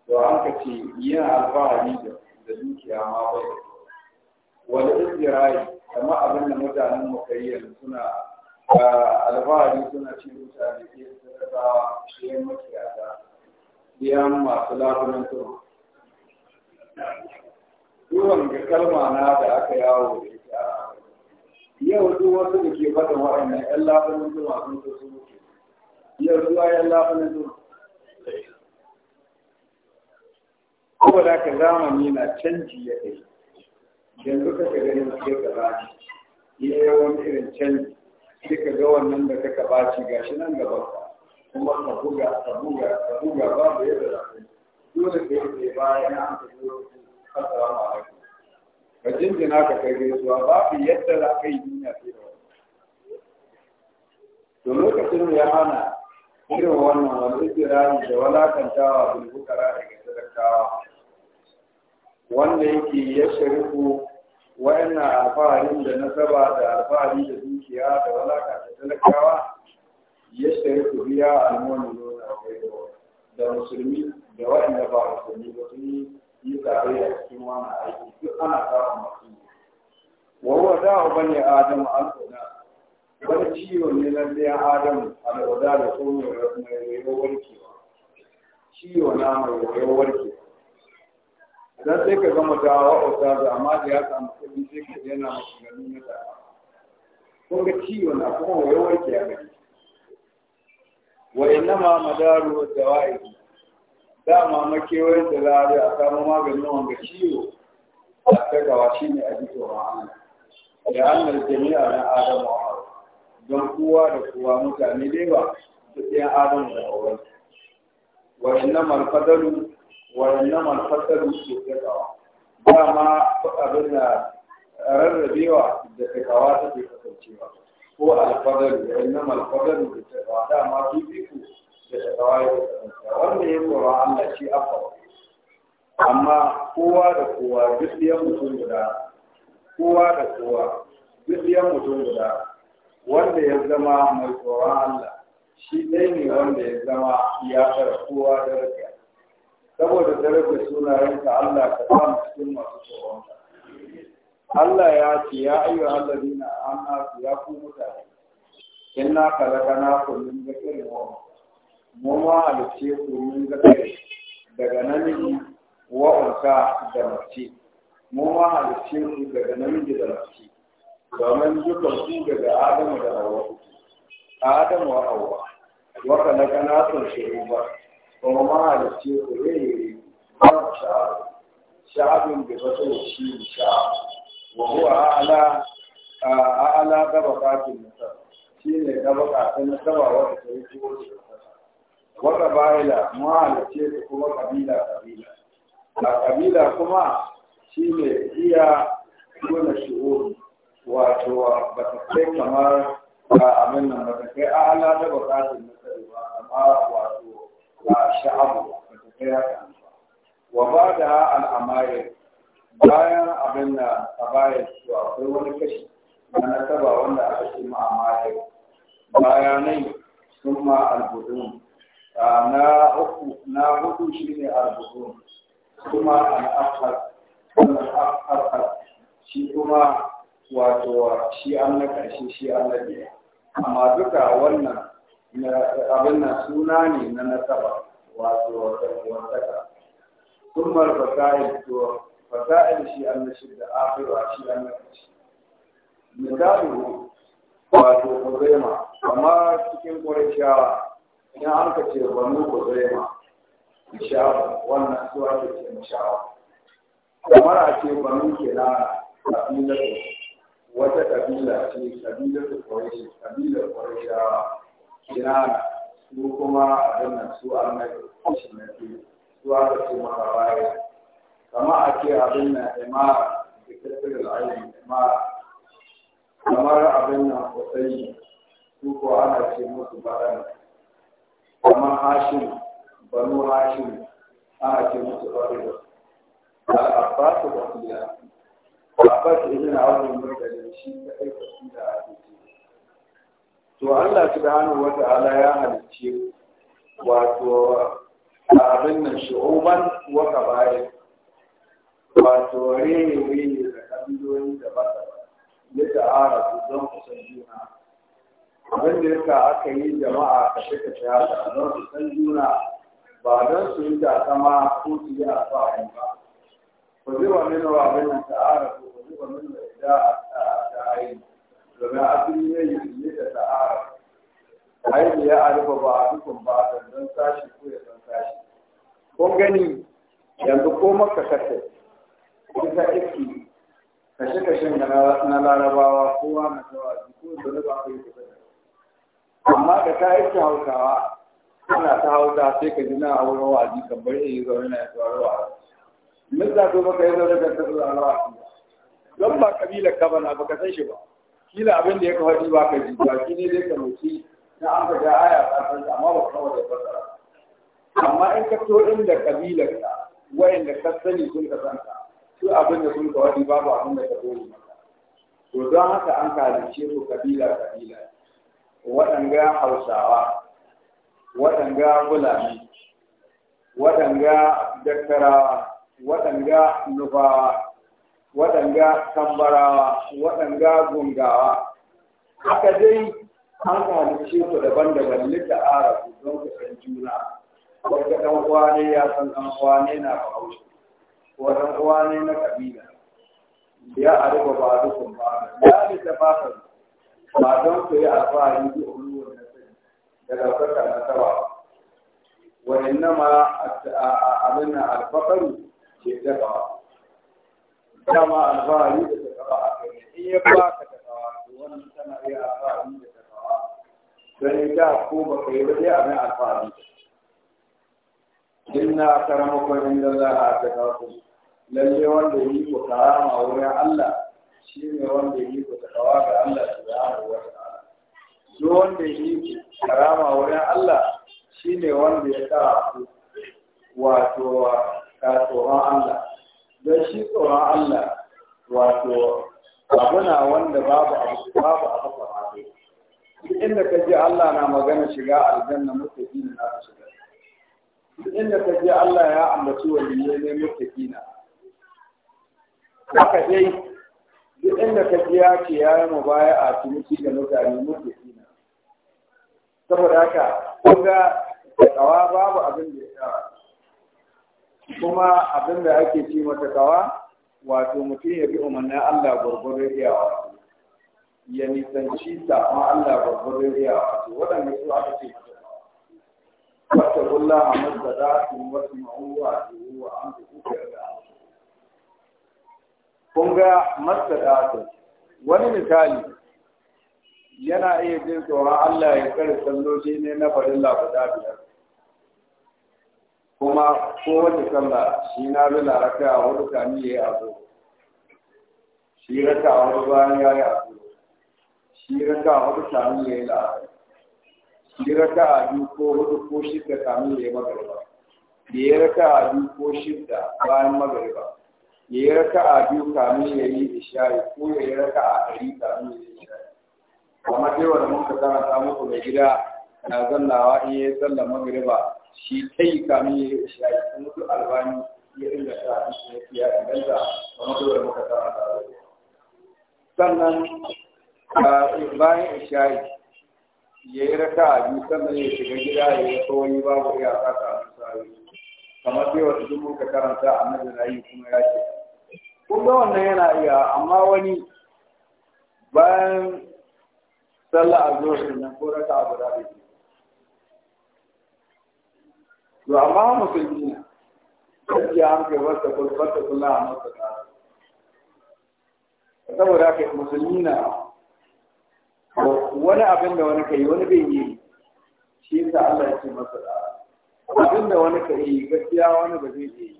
to an ka ce yin alfahari da dukiya ma bai da kyau wani kamar abin da mutanen mu kai suna alfahari suna ce mutane ke sadaka shi makiyata biyan masu labunan turu duwan ga kalma na da aka yawo da ita yau duk wasu da ke faɗin wa'annan yan labunan turu sun so su mutu yau zuwa yan labunan turu kuma da ka zamani na canji ya kai yanzu kake ganin sai ka zani ya yi wani irin canji sai ka ga wannan da kaka baci gashi nan gaba kuma ka buga ka buga ka buga babu yadda za ka yi dole ka yi sai bayan an ka ma a alaikum ka jinjina ka kai gaisuwa fi yadda za ka yi duniya sai da wani to lokacin ya hana irin wannan wani rani da walakantawa bulbukara daga talakawa wanda yake ya sharifu wa'annan alfaharin da nasaba da alfahari da dukiya da walaka da talakawa ya shirya ku biya almonin nuna da musulmi da wa'anda ba musulmi ba sun yi yi a cikin wani aiki duk ana samun masu yi wawa za a bane adamu al'uda wani ciwo ne na biyan adamu al'uda da so mai rayuwar kewa. ciwo na mai rayuwar kewa. idan sai ka gama ta wa'auta da amma da ya samu kuɗi sai ka yana maganganu na da kun ga ciwo na kuma wayewar warke ya gani wa ma madaru dawa'i dama makewar da za a a samu maganin wanga ciwo a gawa shi ne a ji tsoron da annar jami'a na adamu don kowa da kowa mutane dai ba su ɗayan adamu da auren wa ma alfadalu وإنما الفساد يسوق كتابة ما أبنى الربيع بكتابات في فتنشيبة هو الفضل وإنما الفضل بكتابات ما تجيبك بكتابات فتنشيبة والمهم هو أن الشيء أفضل أما قوة القوة جسية متنبدا قوة القوة جسية متنبدا وأن يلزم من القرآن شيء ثاني وأن يلزم يأخذ قوة القرآن saboda darajar sunayenka Allah ka sa mu cikin masu tsoronka Allah ya ce ya ayyu allazina amanu ya ku mutane inna kalakana ku min zakarin wa mu ma alice ku min zakarin daga namiji wa unsa da mace mu ma alice ku daga namiji da mace domin dukkan ku daga Adamu da Hawwa Adamu wa Hawwa wa kalakana ku shuruba kuma ma alice ku ne shahar shahabin da zato shi shahar wa huwa ala a ala gaba kafin nasar shi ne gaba kafin nasar wa wata ta yi kuma shi wata bayila mahalice ta kuma kabila kabila na kabila kuma shi ne iya gona shi'uri wato ba ta kai kamar a abin nan ba ta kai a ala gaba kafin nasar ba amma wato ba sha'abu ba ta kai haka wa ba da al'amari bayan abin da a baya su akwai wani kashi na nasaba wanda aka ce ma amari bayanai sun ma albudun ah, na uku na hudu shi ne albudun kuma al'afar al'afar shi kuma wato shi an na karshe shi an na biya amma duka wannan abin na suna ne na nasaba wato wata ثم الفسائل تو فسائل شيء أن نشد آخر شيء أن نشد مثاله wato kuzaima amma cikin ƙwarishawa in an ka ce banu kuzaima shawa wannan su ake ce shawa kamar a ce banu ke na wata ƙabila ce ƙabilar ƙwarishi ƙabilar ƙwarishawa kina su kuma abin nan su an shi na biyu. zuwa ga su maka baya kama a ce abin na imara da kasar al'ayin imara kamar abin na kwasai su ko ana ce musu baɗan kama hashim banu hashim ana ce musu a al'abbasu wasiya abbas abin murka da shi ta aika su da ake to Allah subhanahu wa ta'ala ya halicce wato abin nan shu'uban wa kabari wato rere rere da kabiloli da ba ya ara su don kusan juna abin da yasa aka yi jama'a kashe kashe a don su juna ba don su yi takama ko su yi fa'a ba ku zuba mini wa abin nan ta'ara ku ku zuba mini da ida a ta'ayi domin abin ne yi da ta'ara haihu ya alifa ba a dukkan ba a don sashi ko ya san sashi kun gani yanzu ko maka kasa kun ta iski kashe-kashen na larabawa kowa na tawa Kuma da ba kai da amma da ta iski hausawa ana ta hausa sai ka ji na a wurin wa'azi kamar bar iya zaune na ya tsawar mun za ko maka yi zaune da ta zuwa rawa. don ba kabilar ka ba na ba ka san shi ba kila abin da ya kawo ba ka ji ba shi ne dai ka mutu na an ka ga aya ta san amma ba kawo da fasara amma in ka to inda kabilar ka wayanda ka sani sun ka san ka su abin da sun ka wadi babu abin da ka dole maka to don haka an kalice su kabila kabila waɗanga hausawa waɗanga bulani waɗanga Daktarawa, waɗanga nufawa waɗanga Tambarawa, waɗanga gungawa haka dai an halicce ku daban-daban lita arabu don ku san juna wata ɗan uwa ne ya san ɗan uwa ne na bahaushe ko ɗan uwa ne na kabila ya arba ba dukkan ba ya ne ta fata ba don su yi alfahari da uluwar na sani da ɗaukaka na saba wa a abin alfahari ke dafa dama alfahari da ta kaba a kai in ya baka ta kawa to wannan tana iya alfahari sai da ko ba kai ba dai abin alfahari inna karamakum indallahi ataqakum lalle wanda yi ku karama wurin Allah shi ne wanda yi ku takawa ga Allah subhanahu wa ta'ala duk wanda yi ku karama wurin Allah shi ne wanda ya sa ku wato ka tsoron Allah don shi tsoron Allah wato abuna wanda babu abu babu abu inda ka je Allah na magana shiga aljanna mutaki na ka shiga inda ka je Allah ya ambaci waliyai ne mutaki na haka dai duk inda ka je ya ce ya yi mubaya a ciniki da mutane mutaki na saboda haka kun ga kawa babu abin da ya kawa kuma abin da ake ci mata kawa wato mutum ya bi umarnin Allah gwargwaro iyawa ya nisanci da Allah babbar riya wato waɗanda su aka ce mata wata gulla a mazda su wasu ma'uwa a ruwa, an da kuka da kun ga mazda wani misali yana iya jin tsoron Allah ya kare salloji ne na farin guda biyar kuma ko wata sallah shi na bi laraka a wani kami ya yi abu shi raka a wani bayan ya yi abu shi raka hudu kamun ya yi la'asar shi raka a biyu ko hudu ko shidda kamun ya yi magariba ya yi raka a biyu ko shidda bayan magariba ya yi raka a biyu kamun ya yi ishari ko ya yi raka a ɗari kamun ya yi ishari amma dai wanda mun ka karanta muku mai gida na zallawa in ya yi sallar magariba shi ta yi kamun ya yi ishari kuma duk albani ya inda ta a? ya inganta kamar dole muka karanta sannan bayan isha'i ya yi raka a biyu sannan ya shiga gida ya yi kawai babu ya saka a misali kamar sai wasu dubu ka karanta a nan na yi kuma ya ce kun ga wannan yana iya amma wani bayan sallah a zuwa nan ko raka a guda da to amma musulmi kajiya an kai wata kulfata kula a masa saboda kai musulmi na wani abin da wani kai wani bai yi shi yasa Allah ya ce masa da abin da wani kai gaskiya wani ba zai yi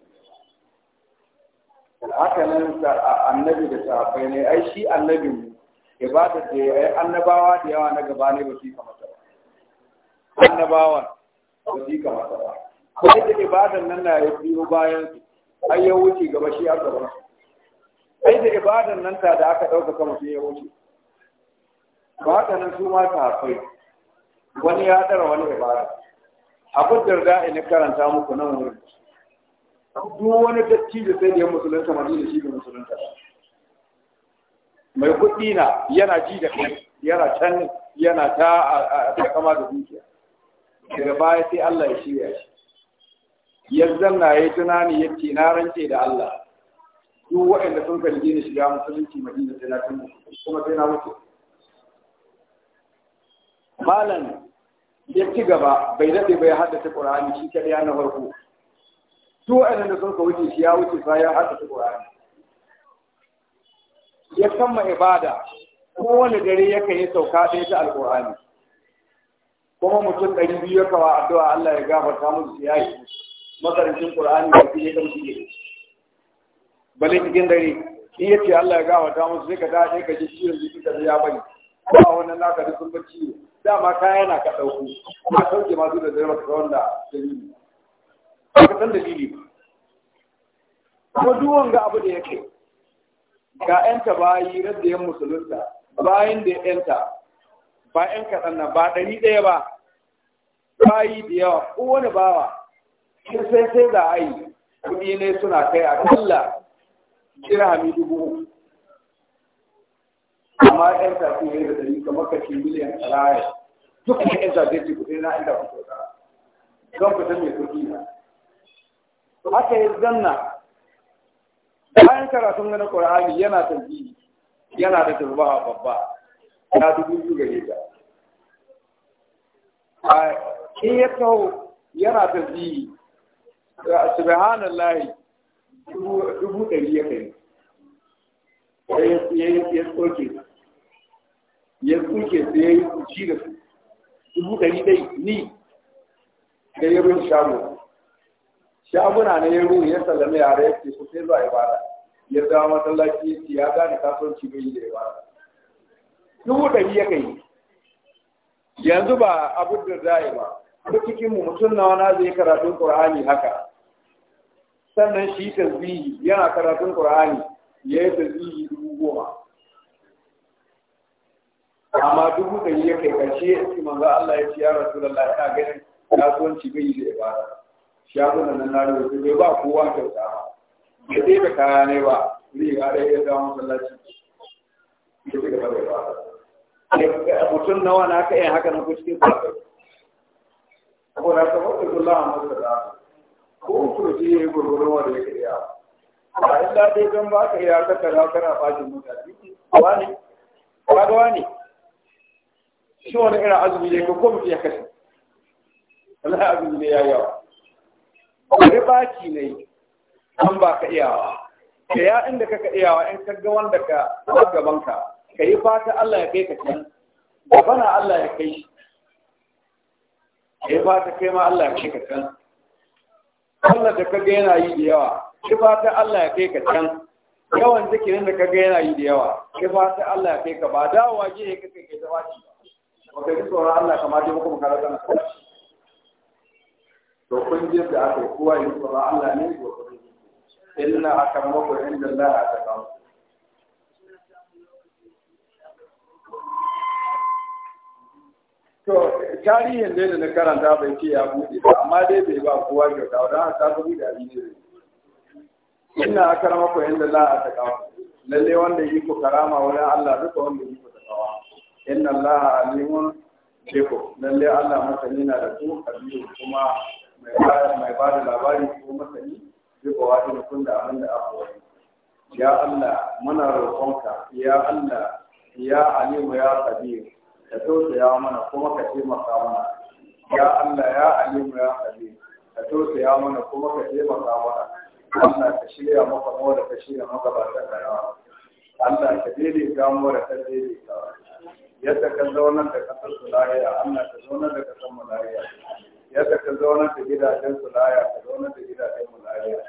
haka nan annabi da sahabbai ne ai shi annabin ibada da ya yi annabawa da yawa na gaba ne ba su yi kamata ba annabawan ba su yi kamata ba ko da ibadan nan na yi biyo bayan su ai ya wuce gaba shi a gaban ai da ibadan nan ta da aka ɗauka kama shi ya wuce ba haka nan su ma sahabbai wani ya ɗara wani ibada a kuddar da ina karanta muku nan wurin duk wani datti da sai da ya musulunta da shi da musulunta mai kuɗi na yana ji da kai yana can yana ta a kama da dukiya daga baya sai Allah ya shirya shi yanzan na yi tunani ya ce na rance da Allah duk waɗanda sun kalli ni shiga musulunci madina sai na tun kuma sai na mutu malam ya ci gaba bai daɗe bai haddace ƙur'ani shi ɗaya na farko su waɗanda da suka wuce shi ya wuce sa ya haddace ƙur'ani ya kama ibada kowane dare yakan yi sauka ɗaya ta alƙur'ani kuma mutum ɗari biyu ya kawa addu'a Allah ya gafarta musu su yayi makarancin ƙur'ani da su ya kamshi ne bale cikin dare in ya ce Allah ya gafarta musu sai ka tashi ka ji shi yanzu ka ya bari ba wannan naka duk sun bacci dama kaya na ka dauko ka sauke masu da zai maka wanda dalili ba ka san dalili ba kuma duk wanga abu da yake ga 'yanta tabayi radda yan musulunta bayan da yan ba yan kaɗan nan ba ɗari ɗaya ba bayi da yawa wani bawa sai sai za a yi kuɗi ne suna kai a kalla dirhami dubu uku amma yan tafi ne da dari kamar ka ce miliyan tsaraya duk da yan tafi ce kuɗi na inda ku sauka don ku san mai kuɗi na haka ya zanna bayan karatun na Qur'ani yana tasbihi yana da turba babba na dubu biyu gare ta in ya taho yana tasbihi subhanallahi dubu ɗari ya kai ya ya tsoke ya kuke sai ya yi kuci da su dubu ɗari ɗai ni da ya ruwan shago shaguna na ya rufe ya sallame yare ya ce ku sai zuwa ibada ya zama masallaci ya ce ya gane kasuwanci bai yi da ibada dubu ɗari ya kai yanzu ba abu da zai ba duk cikin mu mutum na wani zai karatun qur'ani haka sannan shi tasbihi yana karatun qur'ani ya yi tasbihi dubu goma amma dubu ɗari ya kai karshe ya ce manzo Allah ya ce ya Rasulullah ina ganin kasuwanci bai da ibada shagunan nan na rubuta bai ba kowa kyauta ba bai ɗebe kaya ne ba zai riga ɗaya ya dawo masallaci ya ci gaba da ibada mutum nawa na ka yi haka na ku cikin sabai ko na ta wata zulla a masa da ko shi ya yi gurgurin wanda ya kai yawa a illa dai don ba ka iya ka tara kana bajin mutane wani kaga wani shi wani irin azumi ne ko mutum ya kashe wani azumi ne ya yawa wani baki ne an ba ka iyawa da ya inda kaka iyawa in ka ga wanda ka ba gaban ka ka yi fata Allah ya kai ka can da bana Allah ya kai shi ka yi fata kai ma Allah ya kai ka can Allah da ka ga yana yi da yawa ki fata Allah ya kai ka can yawan zikirin da ka ga yana yi da yawa ki fata Allah ya kai ka ba dawowa je ya kai ka ta ba ba kai ji tsoron Allah kamar dai muka makara tana to kun je da aka kowa yi tsoron Allah ne ko inna akammaku inda Allah a kawo to tarihin dai da na karanta bai ce ya buɗe ba amma dai bai ba kowa kyauta wadda haka ta zubi da abin ne ina a karama ko yadda za a taƙa lalle wanda yi ko karama wani Allah duka wanda yi ko takawa. inna allaha alimun bikum lalle Allah masani na da su abiyu kuma mai ba mai da labari ko masani bi ko wani kun da abin da aka wani ya Allah muna roƙonka ya Allah ya alimu ya qadir ka tausaya mana kuma ka taimaka mana ya Allah ya alimu ya qadir ka tausaya mana kuma ka taimaka mana Allah ka shirya maka mawa da ka shirya maka ba ta kara Allah ka daidaita mawa da ka daidaita yadda ka zaunar da kasar su lahiya Allah ka zaunar da kasar mu lahiya yadda ka zaunar da gidajen su lahiya ka zaunar da gidajen mu lahiya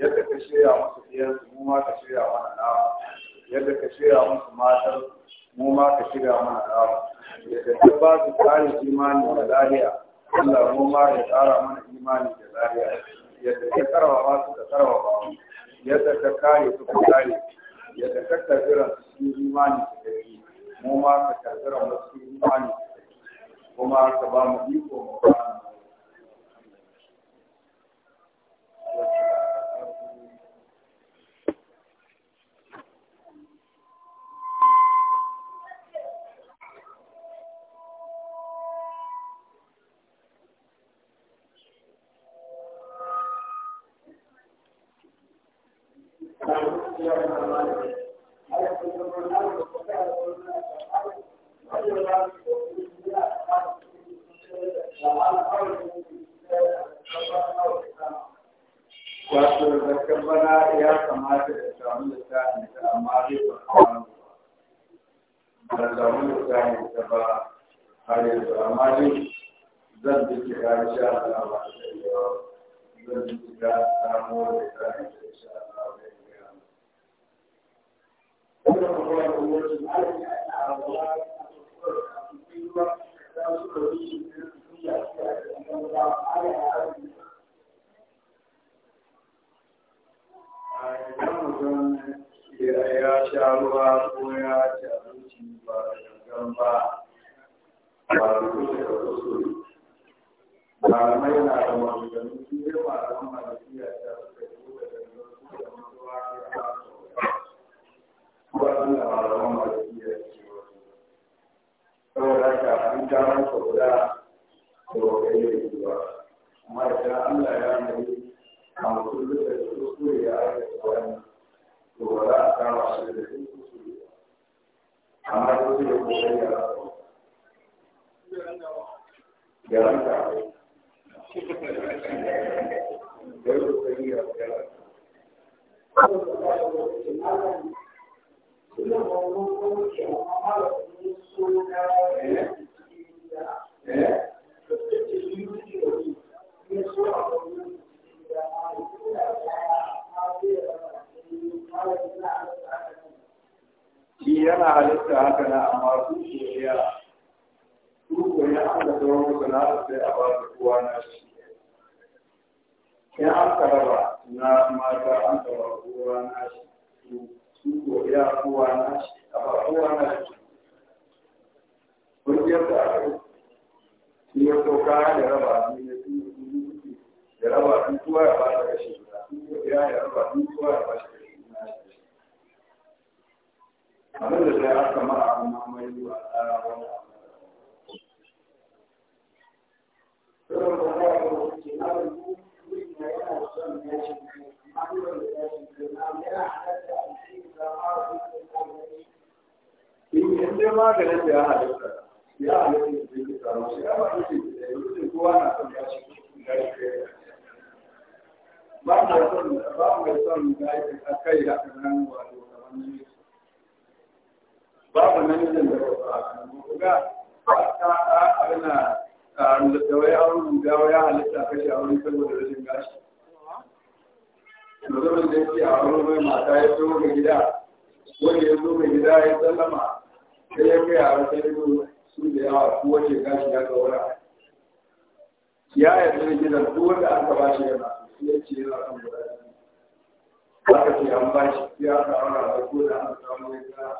yadda ka shirya musu biyan su mu ma ka shirya mana nawa yadda ka shirya musu matar mu ma ka shirya mana nawa yadda ka ba su tsarin imani da lahiya Allah mu ma ya tsara mana imani da lahiya yadda ka ba su ka ba. yadda ka kare su ka kare yadda ka karbi ransu imani da kai mu ma ka karɓi wasu imani kuma ka ba mu iko mu ba Thank you. nashi su ko ya kowa nashi a ba kowa nashi kungiyar da aka yi ya so kaya da raba su ne su yi da raba su kowa ya ba ta kashe su ko ya ya raba su kowa ya ba ta kashe guda abin da sai aka ma abu mamaye wa tsara wani abu Thank you. in maganin da ya halitta ya halitta da ke tsaro ya ba da yanzu kowa na son ya shi da ya ba mu son ba mu son da ya kai kai da nan wato ba mu nan da da ba mu ga ta abin da da wai an da wai halitta kashi a wurin da rashin gashi mutumin da yake a wurin mai mata ya zo mai gida wanda ya zo mai gida ya sallama sai ya kai a rasa ido su da yawa ko wace gashi ya ga wani ya yarda da gidan ko wanda aka ba shi yana ya ce yana kan guda aka ce an ba shi ya ka wani abu ko da an samu ya ga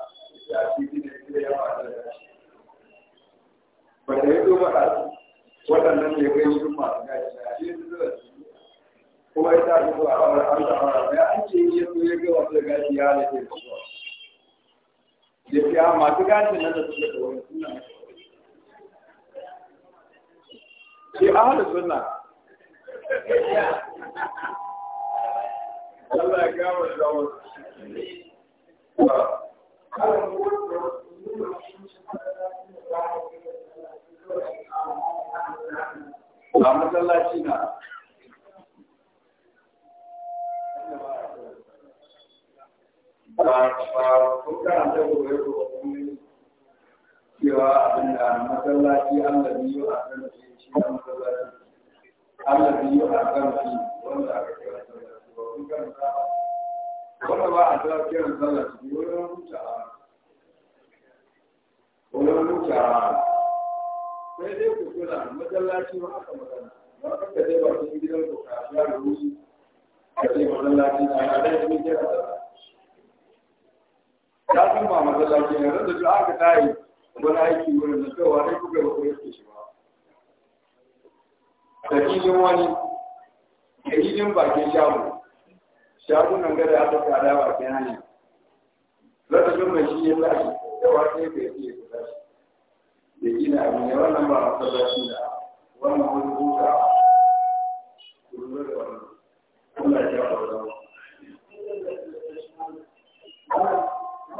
ya ci gida ya ya ba da gashi ba da ya zo ba waɗannan da ya kai shi masu gashi na shi ya zo da su kuma ita sa duk a aure an mara. aure ya an ce ya so ya ga wanda gashi ya da ke kasuwa ya fi a ah, masu gashi na da suke da wani suna Shi ke ahalu suna Allah ya gama da wani a masallaci na kuka ba abinda masallaci Allah a kan shi shi masallaci Allah a kan shi wanda aka kira ba a sai dai ku kula masallaci ba aka magana ba ka dai ba gidan ku ka share wuri ka ce masallaci a dai ya san ba masallaci ne ran da duk aka tayi wani aiki wurin na kawai ne kuka ba ku yake shi ba dalilin wani dalilin bakin shago shagunan gada aka tsada bakin hanya lokacin mai shi ya tashi da wata ya kai ya tashi da gina abin ya wannan ba masallaci da wannan wani huta da ya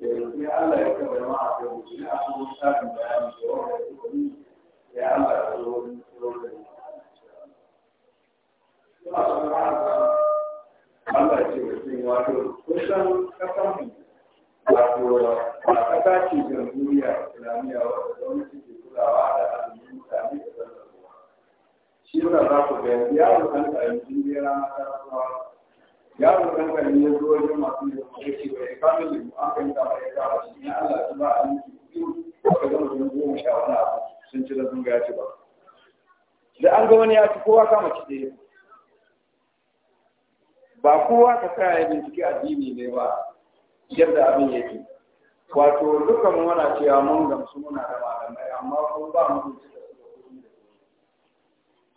da eh, yanzu Allah ya kaba jama'a da mutum a cikin tsarin bayani wani ya ci kowa kama ci ɗaya ba kowa ka sa ya bincike addini ne ba yadda abin yake wato dukkan ce a mun gamsu muna da malamai amma kuma ba mu bincika su da kuɗi da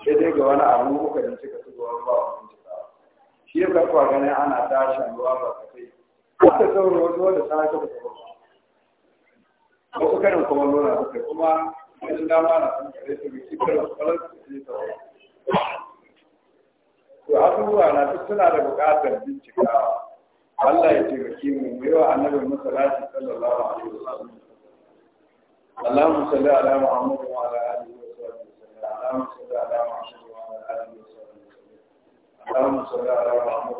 sai dai ga wani abu muka bincika su da wani ba mu bincika shi ya karfa ganin ana tashin ruwa ba ka kai wata sauro wasu wanda ta haka ba wasu karin kuma nuna kuma wajen dama na san kare su bi cikin kwalar su ji ta to abubuwa na duk suna da bukatar bincikawa Allah ya taimake mu mu yi wa annabi masalati sallallahu alaihi اللهم صل على محمد وعلى وصحبه وسلم اللهم صل على محمد وعلى وصحبه وسلم اللهم صل على محمد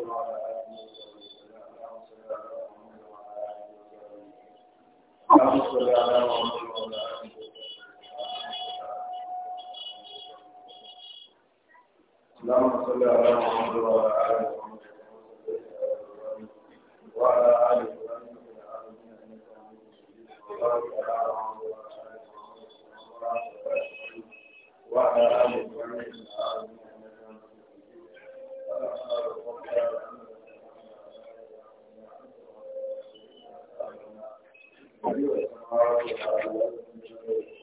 وعلى وصحبه وسلم اللهم صل على محمد وعلى وصحبه وسلم اللهم صل على محمد اللهم صل على محمد وعلى آل محمد وعلى آل إبراهيم في العالمين إنك حميد مجيد وبارك على محمد وعلى آل محمد وعلى آل إبراهيم في العالمين إنك حميد مجيد وبارك على محمد وعلى آل